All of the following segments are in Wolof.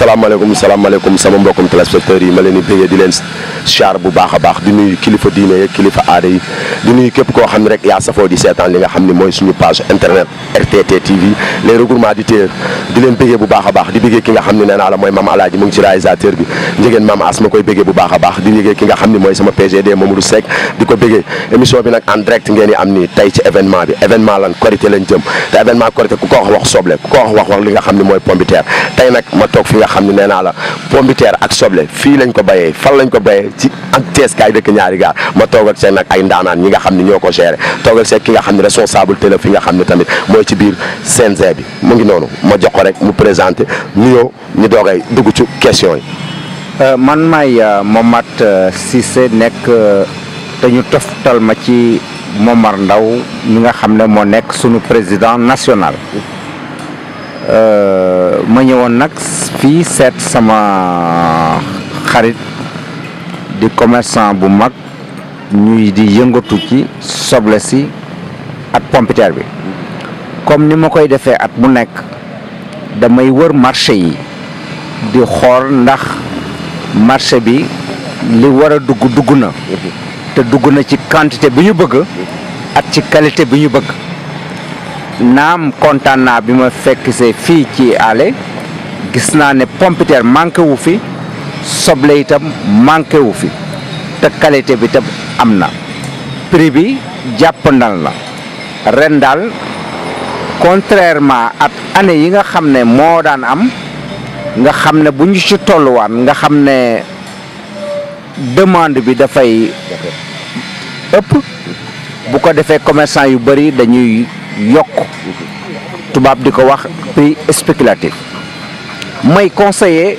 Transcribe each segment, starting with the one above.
salaamaaleykum salaamaaleykum sama mbokkum téléspectateurs yi ma leen di bëggee di leen char bu baax a baax di nuyu kilifa diine yeeg kilifa aada yi di nuy képp koo xam ne rek yaa safoo di seetaan li nga xam ne mooy suñu page internet RTT TV les regroupements di terre di leen bëggee bu baax a baax di bëggee ki nga xam ne nee naa la mooy maam alaaj mu ngi ci réalisateur bi njegéen maam as ma koy bëggee bu baax a baax di bëggee ki nga xam ne mooy sama PGD Mamadou Seck di ko bëggee émission bi nag en direct ngeen di am nii tey ci événement bi événement lan korité lañ jëm te événement ko li nga xam ne mooy pombiteer tey nag ma toog nga xam nee naa la ak soble fii lañ ko bayee fan lañ ko bayee ci ak Thiès kaay dëkk ñaari gaar ma toogal seeg nag ay ndaanaan ñi nga xam ne ñoo ko géré toogal seeg ki nga xam ne responsable télé fi nga xam ne tamit mooy ci biir CNG bi mu ngi noonu ma jox ko rek mu présenté nuyoo ñu doogay dugg ci question yi. Euh, man maay euh, Momath euh, Cissé nekk te ñu toftal ma ci Momar Ndao mi nga xam ne moo nekk sunu président national. ma ñëwoon nag fii seet sama xarit di commerçant bu mag ñuy di yëngatu ci soble si ak pompiteer bi comme ni ma koy defee at mu nekk damay wër marché yi di xool ndax marché bi li war a dugg dugg na te dugg na ci quantité bi ñu bëgg ak ci qualité bi ñu bëgg naam kontaan naa bi ma fekk see fii ci ale gis naa ne pompiteer manqué wu fi soble itam manqué wu fi te qualité bi tam am na prix bi jàppandal na ren daal contrairement ak année yi nga xam ne moo daan am nga xam ne bu ñu ci tolluwaan nga xam ne demande bi dafay ëpp bu ko defee commerçant yu bëri dañuy yokk tubaab di ko wax prix spéculatif may conseiller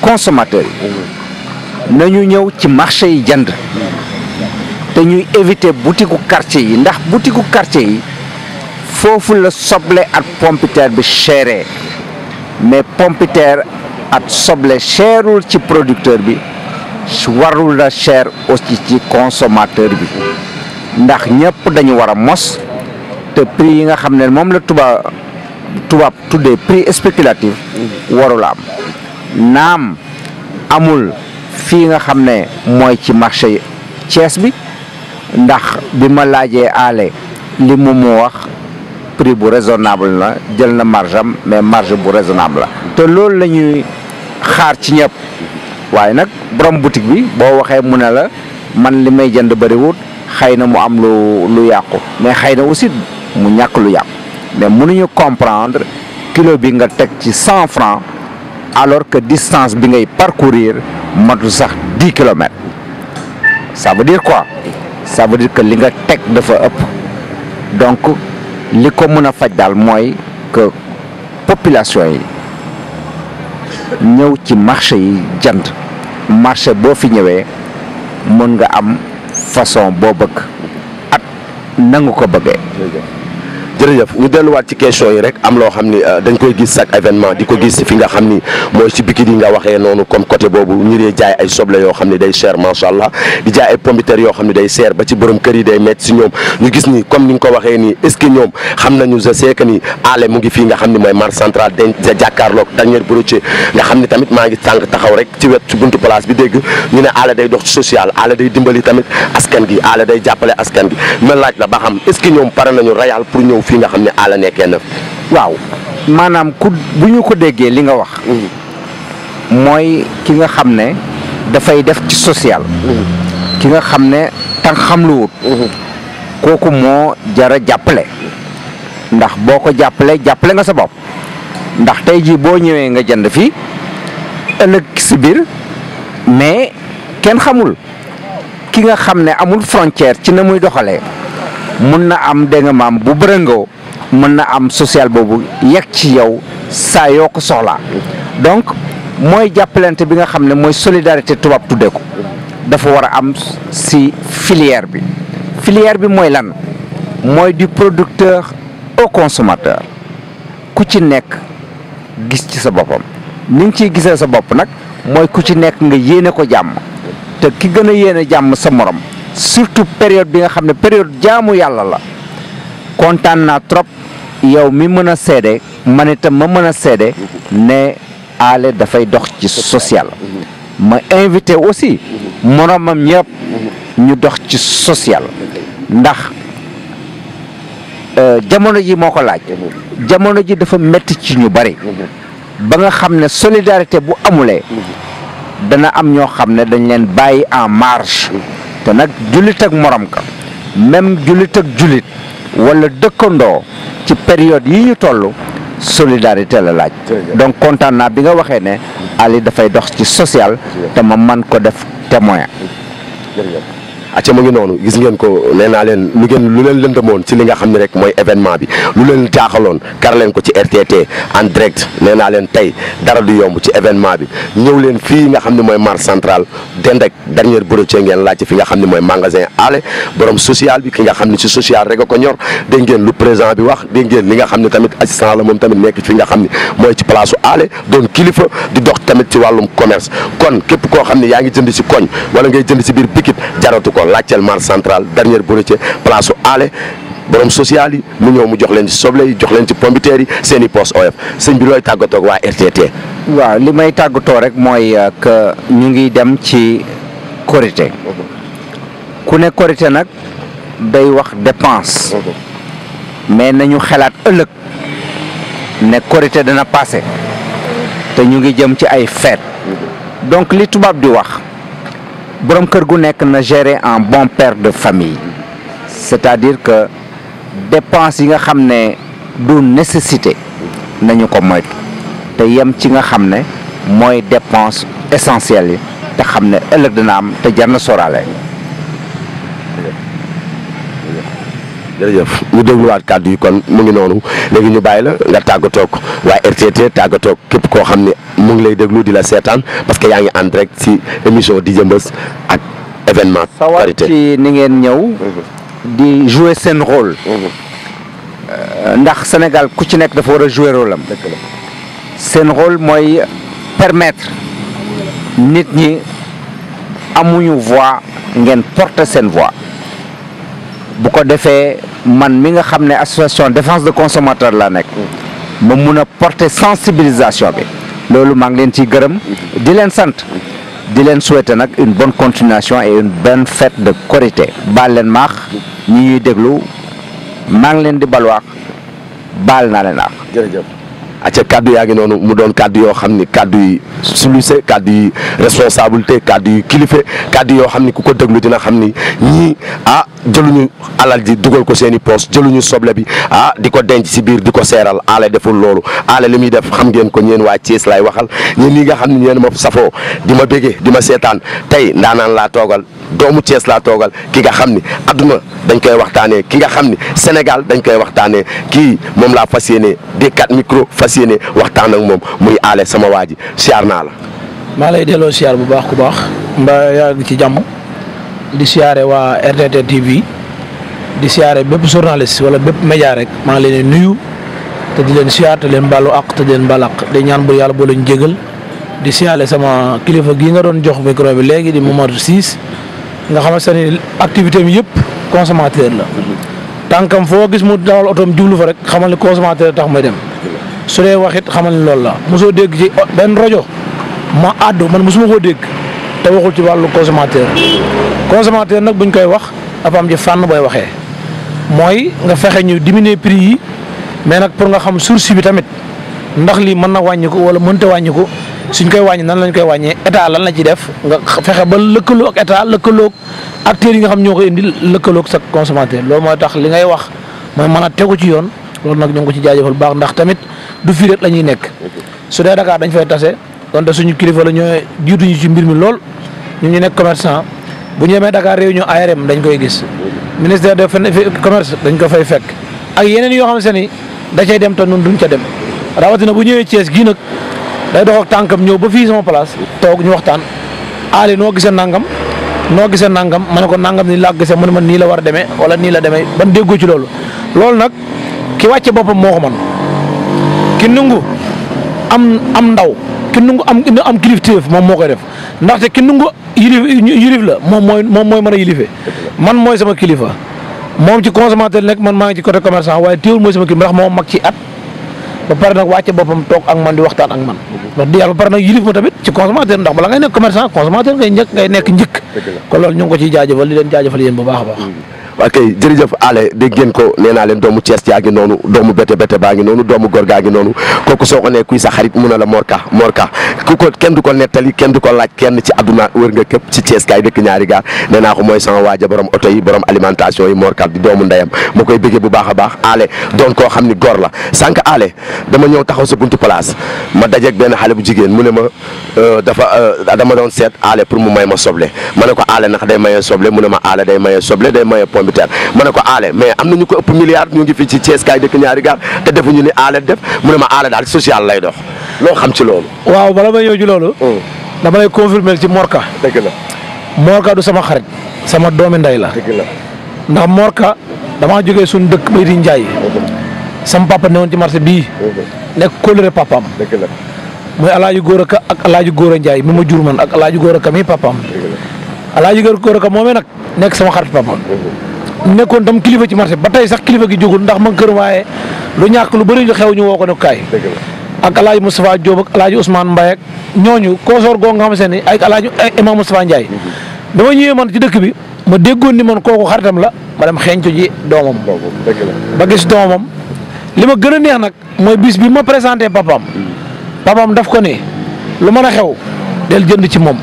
consommateurs yi nañu ñëw ci marché yi jënd te ñuy éviter butiku quartier yi ndax butiku quartier yi foofu la soble ak pompiteer bi chéré mais pompiteer ak soble chérul ci producteur bi warul la cher aussi ci consomateur bi ndax ñëpp dañu war a mos te prix yi nga xam ne moom la tubaab tubaab tuddee prix spéculatif warul am naam amul fi nga xam ne mooy ci marché Thiès bi ndax bi ma laajee aale li mu mu wax prix bu raisonnable la jël na marge am mais marge bu raisonnable la te loolu lañuy xaar ci ñëpp waaye nag borom boutique bi boo waxee mu ne la man li may jënd bëriwut xëy na mu am lu lu yàqu mais xëy na aussi mu ñàkk lu yàqu mais mënuñu comprendre kilo bi nga teg ci cent francs alors que distance bi ngay parcourir matul sax dix kilomètres ça veut dire quoi ça veut dire que li nga teg dafa ëpp donc li ko mën a faj daal mooy que population yi ñëw ci marché yi jënd marché boo fi ñëwee mën nga am façon boo bëgg at na nga ko bëggee jërëjëf ñu delluwaat ci question yi rek am loo xam ni euh, dañ koy gis chaque événement di ko gis fi nga xam ni mooy ci biki di nga waxee noonu comme côté boobu ñiree jaay ay soble yoo xam ne day cher macha allah di jaay yoo xam ne day cher ba ci borom kër yi day métti si ñoom ñu gis ni comme ni nga ko waxee nii est ce que ñoom xam nañu je sais que ni aale mu ngi fii nga xam ne mooy marché central den jàkkaarloog dernier broché nga xam ne tamit maa ngi tànk taxaw rek ci wet ci buntu place bi dégg ñu ne aale day dox social aale day dimbali tamit askan gi aale day jàppale askan gi ma laaj la ba xam est ce que ñoom pare pour ñëw fii nga xam ne àll nekkee na waaw maanaam ku bu ñu ko déggee li nga wax mm-hmm. mooy ki nga xam ne dafay def ci social mm-hmm. ki nga xam ne tànk xam lu wut mm-hmm. kooku moo jara jàppale ndax boo ko jàppale jàppale nga sa bopp ndax tey jii boo ñëwee nga jënd fii ëllëg si biir mais kenn xamul ki nga xam ne amul frontière ci na muy doxalee mun na am dégg nga maam bu bërëngoo mën na am social boobu yegg ci yow saa yoo ko soxlaa donc mooy jàppalante bi nga xam ne mooy solidarité tubaab tuddee ko dafa war a am si filière bi filière bi mooy lan mooy di producteur au consommateur ku ci nekk gis ci sa boppam ni nga ciy gisee sa bopp nag mooy ku ci nekk nga yéene ko jàmm te ki gën a yéene jàmm sa morom surtout période bi nga xam ne période jaamu yàlla la kontaan naa trop yow mi mën a seede man itam ma mën a seede ne Alé dafay dox ci social ma invité aussi moromam ñëpp ñu dox ci social ndax euh, jamono ji moo ko laaj jamono ji dafa metti ci ñu bari ba nga xam ne solidarité bu amulee dana am ñoo xam ne dañ leen bàyyi en marche te nag jullit ak morom ka même jullit ak jullit wala dëkkandoo ci période yi ñu tollu solidarité la laaj donc kontaan bi nga waxee ne Ali dafay dox ci social te ma man ko def témoin acca mu ngi noonu gis ngeen ko nee naa leen lu ngeen lu leen lëndëmoon ci li nga xam ne rek mooy événement bi lu leen jaaxaloon kar leen ko ci RTT en direct nee naa leen tey dara du yomb ci événement bi ñëw leen fii nga xam ne mooy marché central dend ak dernière brochée ngeen laajte fi nga xam ne mooy magasin ale borom social bi ki nga xam ne ci social rek a ko ñor dégg ngeen lu présent bi wax dégg ngeen li nga xam ne tamit assistant la moom tamit nekk fi nga xam ne mooy ci place su ale doon di dox tamit ci wàllum commerce kon képp koo xam ne yaa ngi jënd si koñ wala ngay jënd si biir pikit jaratu ko ko laajteel marché central dernière boritier place su aale borom social yi mu ñëw mu jox leen ci soble yi jox leen ci pombiteer yi seeni i poos oyof sëñ bi looy tàggatoo ak waa RTT. waaw li may tàggatoo rek mooy euh, que ñu ngi dem ci korité ku ne korité nag day wax dépense. mais nañu xalaat ëllëg ne korité dana passé te ñu ngi jëm ci ay fête donc li tubaab di wax borom kër gu nekk na gérer un bon pere de famille c'est-à-dire que dépense yi nga xam ne du nécessité nañu ko moytu te yem ci nga xam ne mooy dépense essentielle yi te xam ne ëllëg dana am te jar na sóoraale jërëjëf ñu dégluwaat kàddu yi kon mu ngi noonu léegi ñu bàyyi la nga tàggatoog waa RTT tàggatoog képp koo xam ne mu ngi lay déglu di la seetaan parce que yaa ngi ànd rek ci émission di Mbeus ak événement parité ni ngeen ñëw mhm. di jouer seen rôle mhm. euh, ndax Sénégal ku ci nekk dafa war a jouer rôle am seen rôle mooy permettre nit ñi amuñu voix ngeen porte seen voix bu ko defee man mi nga xam ne association défense de consommateur laa nekk ma mun a porter sensibilisation bi loolu maa ngi leen ci gërëm di leen sant di leen souhaiter nag une bonne continuation et une bonne fête de Korité baal leen maax ñi ñuy déglu maa ngi leen di balwaax baal naa leen aax jërëjëf acca kaddu yaa ngi noonu mu doon kaddu yoo xam ni kaddu yi sulucé kaddu yi responsabilité kaddu yi kilifa kaddu yoo xam ni ku ko déglu dina xam ni ñii ah jëluñu alal ji dugal ko seen i poos jëluñu soble bi ah di ko denc si biir di ko seeral aale deful loolu aale li muy def xam ngeen ko ñeen waa Thiès laay waxal ñeen ñi nga xam ne ñeen ma safoo di ma bége di ma seetaan tey ndaanaan laa toogal doomu Thiès laa toogal ki nga xam ni adduna dañ koy waxtaanee ki nga xam ni Sénégal dañ koy waxtaanee kii moom laa fas yéene d micro fas yéene waxtaan ak moom muy ale sama waa ji siyaar naa la. maa lay delloo siyaar bu baax ku baax mbaa yaa ci jàmm di siyaare waa RTT TV di siyaare bépp journaliste wala bépp média rek maa ngi leen nuyu te di leen siyaar te leen baalu àq te di leen baal di ñaan bu yàlla boo leen jégal di siyaare sama kilifa gii nga doon jox micro bi léegi di Momar Ciss nga xamante ne activité am yëpp consommateur la. tànkam foo gis mu dawal otoom jublu fa rek xamal ni consommateur tax may dem. su dee wax it xamal ni loolu la mosoo dégg ci benn rajo ma àddu man mosuma koo dégg te waxul ci wàllu consommateur. consommateur nag buñ koy wax dafa am ci fànn booy waxee mooy nga fexe ñu diminuer prix yi mais nag pour nga xam source bi tamit ndax lii mën na wàññi ko wala mënta wàññi ko suñ koy wàññi nan lañ koy wàññee état lan la ci def nga fexe ba lëkkaloo ak état lëkkaloo acteurs yi nga xam ñoo koy indi lëkkaloo ak sa consommateur loolu mooy tax li ngay wax mooy mën a tegu ci yoon loolu nag ñu ngi ko ci jaajëfal baax ndax tamit du fii rek la ñuy nekk su dee Dakar dañ fay tase donte suñu kilifa la ñoo jiituñu ci mbir mi lool ñu ñu nekk commerçant bu ñu demee Dakar réunion ARM dañ koy gis ministère de commerce dañ ko fay fekk ak yeneen yoo xam se ni da cay dem te nun duñ ca dem rawatina bu ñëwee Thiès gii nag day dox tànkam ñëw ba fii sama place toog ñu waxtaan aali noo gisee nangam noo gisee nangam ma ne ko nangam ni laa gisee mu ne ma nii la war a wala nii demee ban déggoo ci loolu loolu nag ki wàcce boppam moo ko man ki nungu am am ndaw ki nungu am am kilifteef moom moo koy def ndaxte ki nungu yilif yilif la moom mooy moom mooy mën a yilifee man mooy sama kilifa moom ci consommateur nekk man maa ngi ci côté waaye teewul mooy sama kilifa ndax moo mag ci at ba pare nag wàcce boppam toog ak man di waxtaan ak man wax dëgg yàlla ba pare nag yilif ma tamit ci consommateur ndax bala ngay nekk commerçant consommateur ngay njëkk nekk njëkk kon loolu ñu ngi ko ciy jaajëfal di leen jaajëfal yéen bu baax a baax mm-hmm. ok jërëjëf ale dégg ngeen ko nee naa leen doomu cees yaa ngi noonu doomu bete bete baa ngi noonu doomu góor gaa ngi noonu kooku soo ko nee kuy sa xarit mun a la Mor Ka Mor Ka ku ko kenn du ko nettali kenn du ko laaj kenn ci àdduna wër nga képp ci Thiès kaay dëkk ñaari gaar nee naa ko mooy sama waaja borom oto yi borom alimentation yi Mor Ka di doomu ndeyam ma koy bëggee bu baax a baax ale doon koo xam ni góor la sànq ale dama ñëw taxaw sa buntu place ma dajeeg benn xale bu jigéen mu ne ma euh, dafa euh, dama doon seet ale pour mu may ma soble ma ne ko ale ndax day ma ale day maye soble day maye capitaine ma ne ko aale mais am na ñu ko ëpp milliard ñu ngi fii ci Thiès kaay dëkk ñaari gaar te defuñu ni aale def mu ne ma aale daal social lay dox loo xam ci loolu. waaw bala ma ñëw ci loolu. Hmm. dama lay confirmer ci Morka. dëgg la Morka du sama xarit. sama doomi ndey la. dëgg la ndax Morka damaa jógee suñu dëkk bay di Njaay. Hmm. sama papa newoon ci marché bii. Hmm. nekk kóllëre papaam. dëgg la muy Alaaji Góora Ka ak Alaaji Góora Njaay mi ma jur man ak Alaaji góor Ka mi papaam. Alaaji Góora Ka moomee nag nekk sama xarit nekkoon tam kilifa ci marché ba tey sax kilifa gi jógul ndax man kër waaye lu ñàkk lu bari ñu xew ñu woo ko ne kaay ak alaaji Moustapha Diop ak alaaji Ousmane Mbaye ak ñooñu consoor goo nga xam se ni ak alaaji imam Moustapha Ndiaye mhm. dama ñëwee man ci dëkk bi ma déggoon ni man kooku xaritam la ma dem xeeñcu ji doomam ba gis doomam li ma gën a neex nag mooy bis bi ma présenté papaam mhm. papaam daf ko ni lu mën a xew del jënd ci moom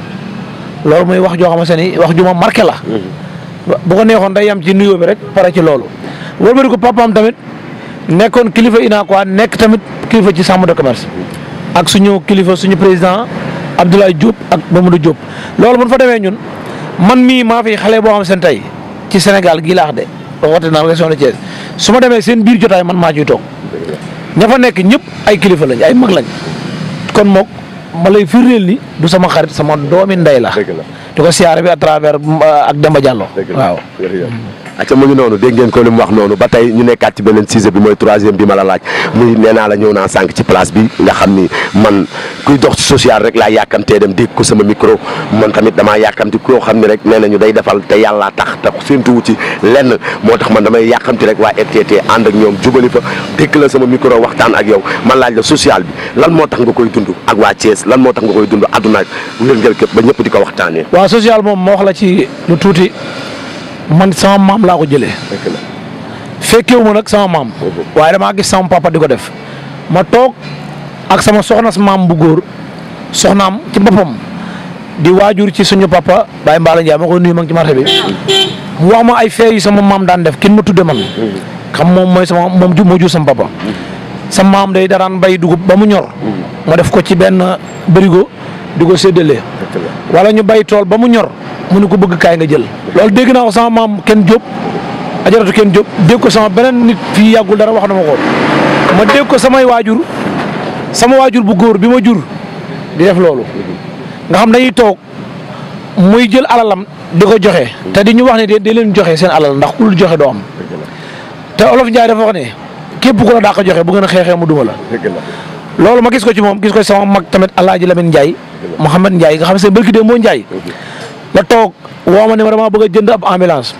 loolu mooy wax joo xamante ni wax ju ma marqué la mhm. bu ko neexoon day yam ci nuyoo rek pare ci loolu. ba ko papaam tamit nekkoon kilifa UNACOIS nekk tamit kilifa ci chambre de commerce ak suñu kilifa suñu président Abdoulaye Diop ak Mamadou Diop loolu bu ñu fa demee ñun man mii maa fi xale boo xam seen tey ci Sénégal gii laax de waxte naa de Thiès su ma demee seen biir jotaay man maa ciy toog ña fa nekk ñëpp ay kilifa lañ ay mag lañ kon mook ma lay firndeel ni du sama xarit sama doomi ndey la di ko siyaare bi à euh, ak Demba Diallo acca mu ngi noonu dégg ngeen ko li mu wax noonu ba tey ñu nekkaat ci beneen sujet bi mooy troisième bi ma la laaj muy nee la ñëw naa sànq ci place bi nga xam ni man kuy dox ci social rek laa yàkkamtee dem dégg ko sama micro man tamit damaa yàkkamti koo xam ne rek nee ñu day defal te yàlla tax te séntuwu ci lenn moo tax man damay yàkkamti rek waa RTT ànd ak ñoom jubali fa dégg la sama micro waxtaan ak yow man laaj la social bi lan moo tax nga koy dund ak waa Thiès lan moo tax nga koy dund àdduna ak wér ba ñëpp di ko waxtaanee. waa man sama maam laa ko jëlee. fekkewu ma nag sama maam. waaye damaa gis sama papa di ko def. ma toog ak sama soxna si maam bu góor soxnaam ci boppam di waajur ci suñu papa Baye Mbala Ndiaye ma koy nuyu ma ci marché bi mu wax ma ay fee yu sama maam daan def kenn ma tudde man. xam moom mooy sama moom ju moo jur sama papa. sa maam day daraan bay dugub ba mu ñor. ma def ko ci benn bërigo di ko séddale. wala ñu bay tool ba mu ñor mu ne ko bëgg kaay nga jël loolu dégg naa ko sama maam kenn jóob ajaratu kenn jóob dégg ko sama beneen nit fii yàggul dara wax na ma ko ma dégg ko samay waajur sama waajur bu góor bi ma jur di def loolu nga xam dañuy toog muy jël alalam di ko joxe te di ñu wax ne de di leen joxe seen alal ndax ku joxe doo am te olof Njaay dafa ne képp ku la daa ko joxe bu gën a xeexee mu duma la loolu ma gis ko ci moom gis ko sama mag tamit Alaaji Lamin Njaay Mouhamed Ndiaye nga xam ne seen barki de moo Ndiaye la toog woo ma ne ma damaa bëgg a jënd ab ambulance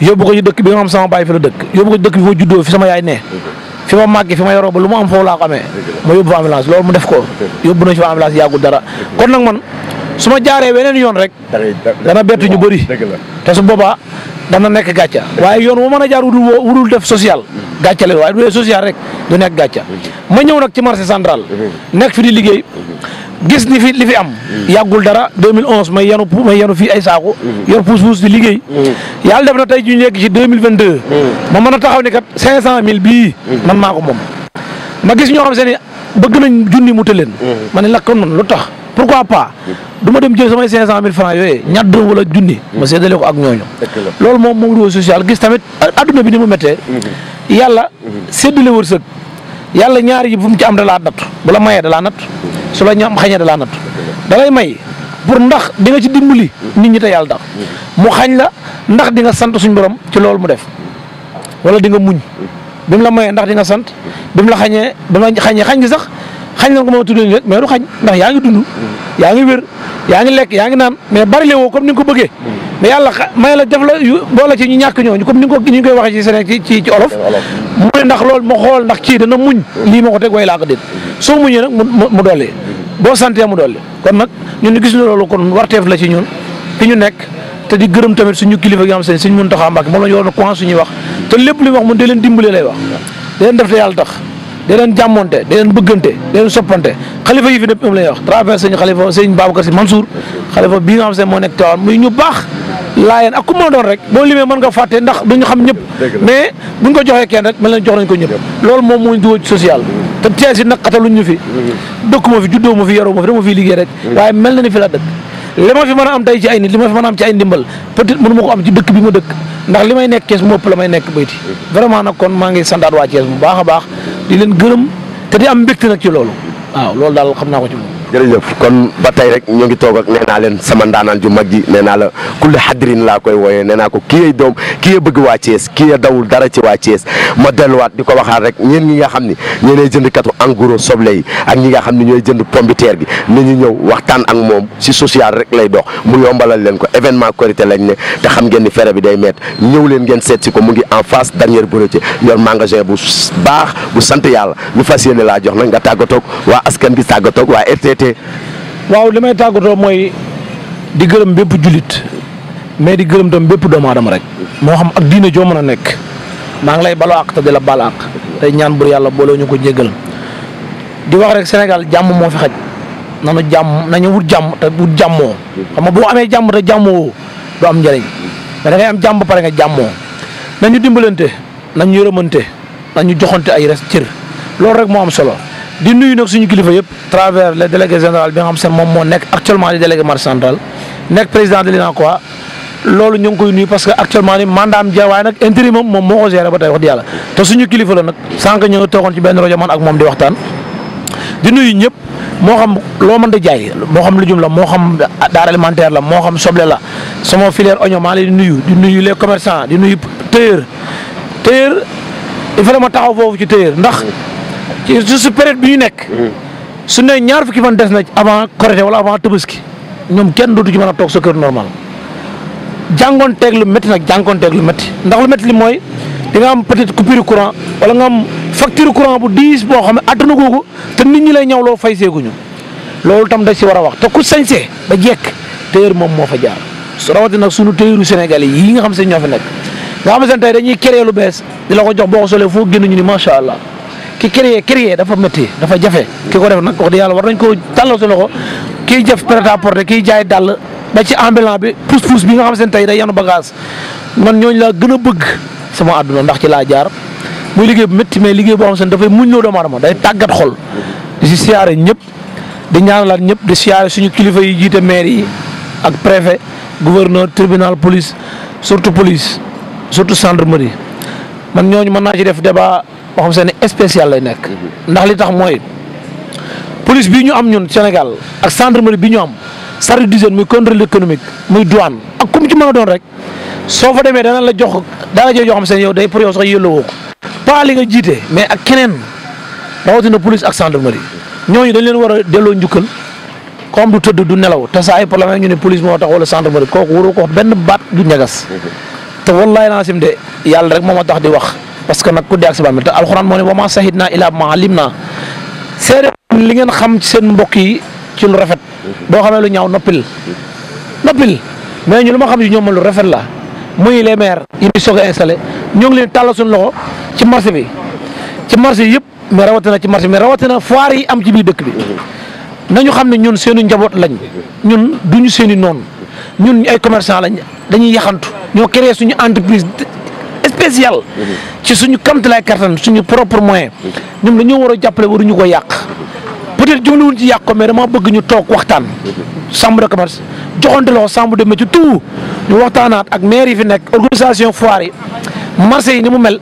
yóbbu ko ci dëkk bi nga xam sama baay fi la dëkk yóbbu ko ci dëkk bi ma juddoo fi sama yaay ne fi ma màggee fi ma yoroo ba lu ma am foofu laa ko amee ma yóbbu fa ambulance loolu mu def ko yóbbu nañ fa ambulance yàggul dara kon nag man su ma jaaree weneen yoon rek dana bett ñu bëri te su boobaa dana nekk gàcca waaye yoon wu mën a jaar wudul wudul def social gàcca la waaye du dee social rek du nekk gàcca ma ñëw nag ci marché central nekk fi di liggéey gis ni fi li fi am. Mm. yàggul dara 2011 may yanu may yanu fii ay saako. Mm. yor puus-puus di liggéey. Mm. yàlla def na tey ñu nekk ci 2022. ma mën a taxaw ni kat 500000 bii. man maa ko moom. ma gis ñoo xam se ne bëgg nañ junni mu tëleen. ma ne la lu tax pourquoi pas du ma dem jël samay 500000 francs yooyu ñaar dërëm wala junni. ma séddale ko ak ñooñu. loolu moom moom réseau social gis tamit adduna bi ni mu méttee. Mm-hmm. yàlla mm-hmm. séddale wërsëg yàlla ñaar yi fu mu ci am da laa natt bu la mayee da laa natt. Mm-hmm. su la ñam xañee da laa natt da may pour ndax di nga ci dimbali nit ñi te yàlla tax mu xañ la ndax di sant suñ borom ci loolu mu def wala dinga muñ bi mu la mayee ndax di sant bi mu la xañee bi mu la xañ gi sax xañ lan ko moom tuddee rek mais du xañ ndax yaa ngi dund yaa ngi wér yaa ngi lekk yaa ngi naan mais bari le woo comme ni ko bëggee mais yàlla may la def la boole ci ñu ñàkk ñooñu comme ni nga ko ñu koy waxee ci Sénégal ci ci olof xool ndax kii dana muñ lii ma ko teg way laa ko déet soo muñee nag mu boo santee mu dolli kon nag ñun gis ñu loolu kon warteef la ci ñun fi ñu nekk te di gërëm tamit suñu kilifa gi am seen suñ mun taxaa mbàkk moom la ñu war na suñuy wax te lépp li wax mun de leen dimbale lay wax leen def te yàlla tax da leen jàmmonte da leen bëggante da leen soppante xalifa yi fi nekk moom la ñuy wax traversé sëñ sëñ Babacar si Mansour xalifa bii nga xam se moo nekk Tiwaawan muy ñu baax laayeen ku mën a doon rek mën nga fàtte ndax duñu xam ñëpp mais buñ ko joxee kenn rek mel jox nañ ko ñëpp loolu moom mooñ duwa social te Thiès yi fi dëkku ma fi fi yaroo ma fi dama fi liggéey rek waaye mel na ni fi la dëkk li fi mën a am tey ci ay a am ndimbal peut-être mënu ma ko am ci dëkk bi ma dëkk ndax li may nekk Thiès mu la may nekk bayti vraiment na kon maa ngi santaat waa Thiès bu baax a baax di leen gërëm te di am mbégte nag ci loolu waaw loolu daal xam naa ko ci moom. jërëjëf kon ba tey rek ñoo ngi toog ak naa leen sama ndaanaan ju mag ji nee naa la kulli xadrin laa koy wooyee nee naa ko kii yee doom kii yee bëgg waa Thiès kii yee dawul dara ci waa Thiès ma delluwaat di ko waxaat rek ñeen ñi nga xam ni ñeenee jënd katu en gros soble yi ak ñi nga xam ne ñooy jënd pombiteer gi ñu ñëw waxtaan ak moom si social rek lay dox mu yombalal leen ko événement korité lañ ne te xam ngeen ni fere bi day met ñëw leen ngeen seet si ko mu ngi en face dernière borotie yor magasin baax bu sant yàlla ñu fas yéene laa jox nag nga tàggatoog waa askan tàggatee. waaw li may tàggatoo mooy di gërëm bépp jullit mais di gërëm tam bépp doomu aadama rek moo xam ak diina joo mën a nekk maa ngi lay baloo àq te di la bal àq tey ñaan bur yàlla booloo ñu ko jéggal di wax rek Sénégal jàmm moo fi xaj nanu jàmm nañu wut jàmm te wut jàmmoo xam boo amee jàmm te jàmmoo du am njëriñ mais da ngay am jàmm ba pare nga jàmmoo nañu dimbalante nañu yërëmante nañu joxante ay res cër loolu rek moo am solo. di nuyu nag suñu kilifa yëpp travers le délégué général bi nga xam seen moom moo nekk actuellement di délégué marché central nekk président de l'UNACOIS loolu ñu ngi koy nuyu parce que actuellement ni mandaam ja waaye nag intérim moom moo ko géré ba tey wax di yàlla te suñu kilifa la nag sànq ñu ngi toogoon ci benn rajo man ak moom di waxtaan di nuyu ñëpp moo xam loo mën da jaay moo xam lujum la moo xam daara alimentaire la moo xam soble la sama filière oignon maa lay nuyu di nuyu les commerçants di nuyu tailleur tailleur ma taxaw foofu ci tailleur ndax ci juste période bi ñu nekk. su ne ñaar fukki fan des na avant Korité wala avant Tabaski ñoom kenn dootu ci mën a toog sa kër normal jàngoon jàngoonteeg lu métti nag jàngoonteeg lu métti ndax lu métti li mooy di nga am peut-être coupure courant wala nga am facture courant bu diis boo xam ne attanu googu te nit ñi lay ñëw loo fay seeguñu loolu tam da si war a wax te ku sañsee ba jekk téyër moom moo fa jaar su rawatina nag sunu téyëru Sénégal yi yi nga xam seen ñoo fi nekk nga xam seen tey dañuy créer lu bees di la ko jox boo ko solee foo génn ñu ni macha allah. ki créer créer dafa métti dafa jafe ki ko def nag wax dëgg yàlla war nañ ko tàllal si loxo kiy jëf prêt-à-porter jaay dàll ba ci ambulant bi pousse-pousse bi nga xam seen tey day yanu bagage man ñooñu laa gën a bëgg sama àdduna ndax ci laa jaar muy liggéey bu métti mais liggéey boo xam seen dafay muñ loo doomu aadama day tàggat xol di siyaare ñëpp di ñaanalaat ñëpp di siyaare suñu kilifa yi jiite maire yi ak préfet gouverneur tribunal police surtout police surtout gendarmerie man ñooñu boo xam seen spécial lay nekk. ndax li tax mooy police bi ñu am ñun Sénégal ak gendarmerie bi ñu am service d'hygiène muy contrôle économique muy douane ak comme ci mën a doon rek soo fa demee dana la jox dana la jox xam seen yow day pour yow sax yëlloo ko. pas li nga jiite mais ak keneen rawatina police ak gendarmerie ñooñu dañ leen war a delloo njukkal comme du tëdd du nelaw te saa ay problème ñu ne police moo tax wala gendarmerie kooku waroo ko wax benn baat du ñagas te wallaahi laa sim de yàlla rek moo ma tax di wax. parce que nag ku dee ak sa bàmmeel te alxuraan moo ne wa maa sahid naa ilaa maa naa seede li ngeen xam ci seen mbokk yi ci lu rafet boo xamee lu ñaaw noppil noppil mais ñu lu ma xam ci ñoom lu rafet la muy les maires yi muy soog a installé ñoo ngi leen tàllal suñu loxo ci marché bi ci marché yëpp mais rawatina ci marché mais rawatina foire yi am ci biir dëkk bi nañu xam ne ñun seeni njaboot lañ ñun duñu seeni noon ñun ay commerçant lañ dañuy yaxantu ñoo créé suñu entreprise spécial ci suñu kamtalaay kattan suñu propre moyen ñoom dañoo war a jàppale waruñu ko yàq peut-être jumluwuñ ci yàq ko mais dama bëgg ñu toog waxtaan chambre de commerce joxante loxo chambre de métier tu ñu waxtaanaat ak maire yi fi nekk organisation foire yi yi ni mu mel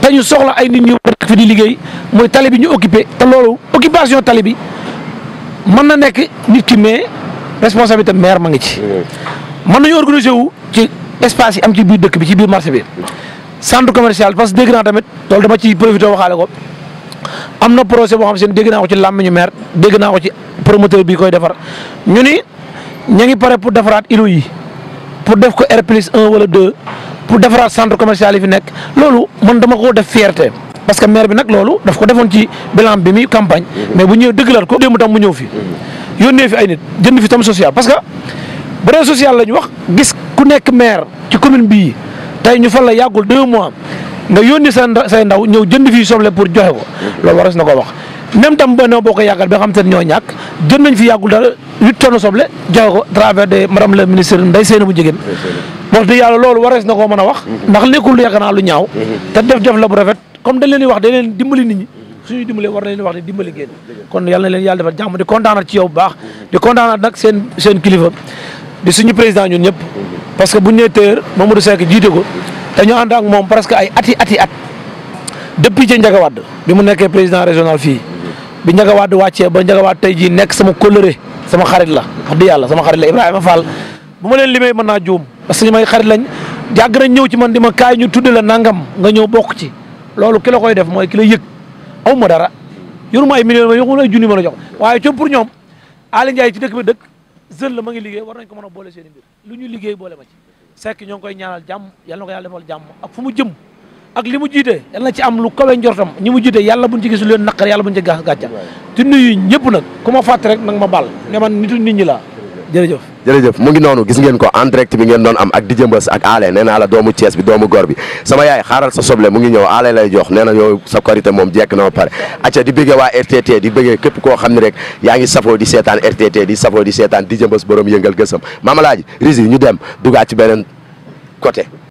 te ñu soxla ay nit ñu fi di liggéey mooy tali bi ñu occupé te loolu occupation tali bi mën na nekk nit ki mais responsabilité maire ma ngi ci mën nañu organiser wu ci espace yi am ci biir dëkk bi ci biir marché bi centre commercial parce que dégg naa tamit loolu dama ci profité waxaale ko am na projet boo xam seen dégg naa ko ci làmmiñu maire dégg naa ko ci promoteur bi koy defar ñu ni ña ngi pare pour defaraat îlot yi pour def ko R plus 1 wala 2 pour defaraat centre commercial yi fi nekk loolu man dama koo def fierté parce que maire bi nag loolu daf ko defoon ci bilan bi muy campagne mais bu ñëwee dëggalaat ko démb tam mu ñëw fi yónnee fi ay nit jënd fi tam social parce que bu social la ñu wax gis ku nekk maire ci commune bii. tey ñu fal la yàggul deux mois nga yónni sa say ndaw ñëw jënd fii soble pour joxe ko loolu waras na ko wax même tam boo boo ko yàggal ba xam te ne ñoo ñàkk jënd nañ fi yàggul dara huit tonnes soble joxe ko travers de madame la ministre Ndeye bu Ndiéguène wax dëgg yàlla loolu warees na koo mën a wax mm-hmm. ndax lékkul yàgg naa lu ñaaw mm-hmm. te def def la bu rafet comme da leen di wax dañ leen dimbali nit ñi suñuy dimbali war na leen wax ne dimbali ngeen kon yàlla na leen yàlla defal jàmm ci yow bu baax di kontaanaat nag seen seen kilifa di suñu président ñun ñëpp parce que bu ñu nee téer Mamadou Seck jiite ko te ñu ak moom presque ay ati ati at depuis ca Ndiaga Wade bi mu nekkee président régional fii bi Ndiaga Wade wàccee ba Ndiaga tey jii nekk sama kóllëre sama xarit la yàlla sama xarit la Ibrahima Fall bu ma leen limee mën naa juum parce may xarit lañ jàgg nañ ñëw ci man di ma kaay ñu tudde la nangam nga ñëw bokk ci loolu ki la def mooy ki la yëg aw ma dara yoruma ay millions ma yoxu ay junni ma la jox waaye coono pour ñoom Aly Ndiaye ci dëkk bi dëkk jeune la ma ngi liggéey war nañ ko mën a boole seen i mbir lu ñu liggéey boole ma ci Seck ñoo koy ñaanal jàmm yal na ko yàlla defal jàmm ak fu mu jëm ak li mu jiite yal na ci am lu kawe njortam ñi mu jiite yàlla buñ ci gis lu leen naqar yàlla buñ ci gàcca di nuyu ñëpp nag ku ma fàtte rek nag ma baal ne man nitu nit ñi laa jërëjëf jërëjëf mu ngi noonu gis ngeen ko en bi ngeen doon am ak DJ Mbeus ak Alé nee naa doomu Thiès bi doomu gor bi sama yaay xaaral sa soble mu ngi ñëw Alé lay jox nee na sa korité moom jekk na ba pare acca di bëggee waa RTT di bëggee képp koo xam ne rek yaa ngi safoo di seetaan RTT di safoo di seetaan DJ Mbeus borom yëngal gësam Mamalaaji Rizi ñu dem dugaat ci beneen côté